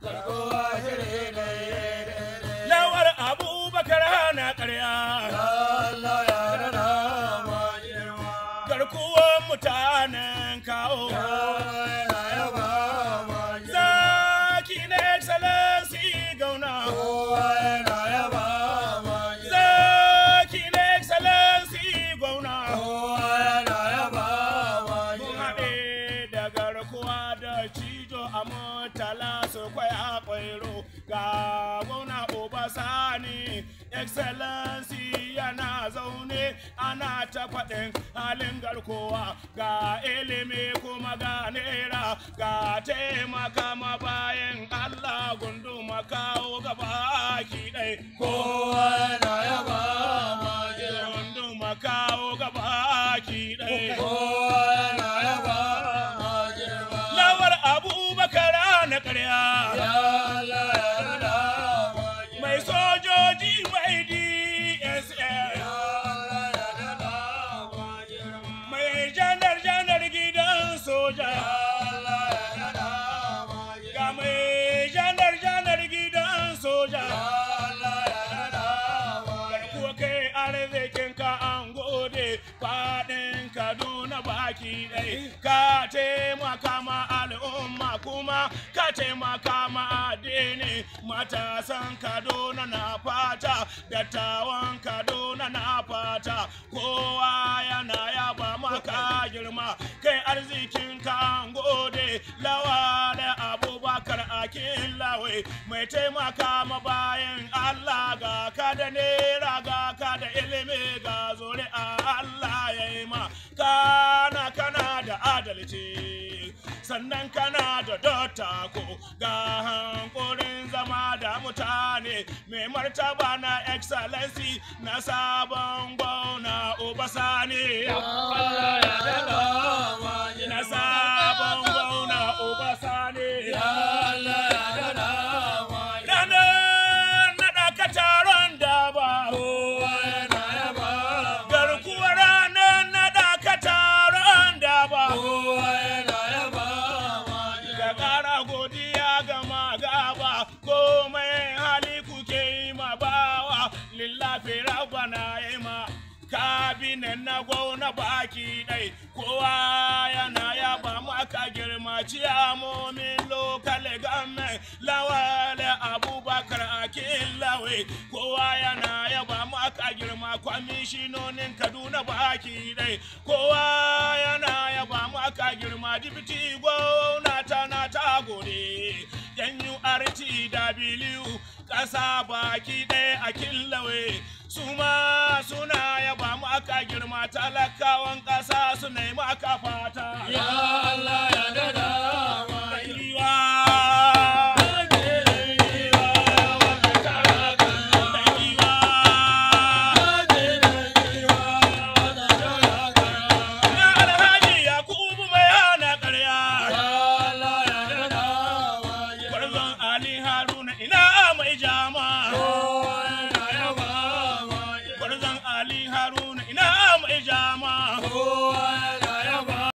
Let go ƙasa ne excellency yana zaune ana ta faɗin halin garkowa ga ilimi kuma ga nera ga taimaka ma bayan allah gunduma kawo gaba ki ɗai kowa na yaba ma kawo gaba ki kowa ya ma abubakar ƙarya ka taimaka ma al'umma kuma ka taimaka ma addini matasan kaduna na fata dattawan kaduna na fata kowa yana yaba maka girma kai arzikin ka gode lawa da abubakar akin lawai mai taimaka ma bayan allah ga ka da nera ga ka da ilimi ga zuri'a allah ya yi ma ka adalci sannan kana da dota ko ga hankurin zama da mutane mai martaba na excellency na sabon gwauna obasa ne ya addinin na gwauna baki ɗai kowa yana ya ba mu aka girma ciyamomin lokal gamen lawale abubakar akin lawe kowa yana ya ba mu aka girma kwamishinonin kaduna baki ɗai kowa yana ya ba mu aka girma dibiti gwauna ta na ta gode yan URTW ƙasa baki ɗaya a killawe su ma ya girma talakawan ƙasa su nemi aka fata ya Allah ya dada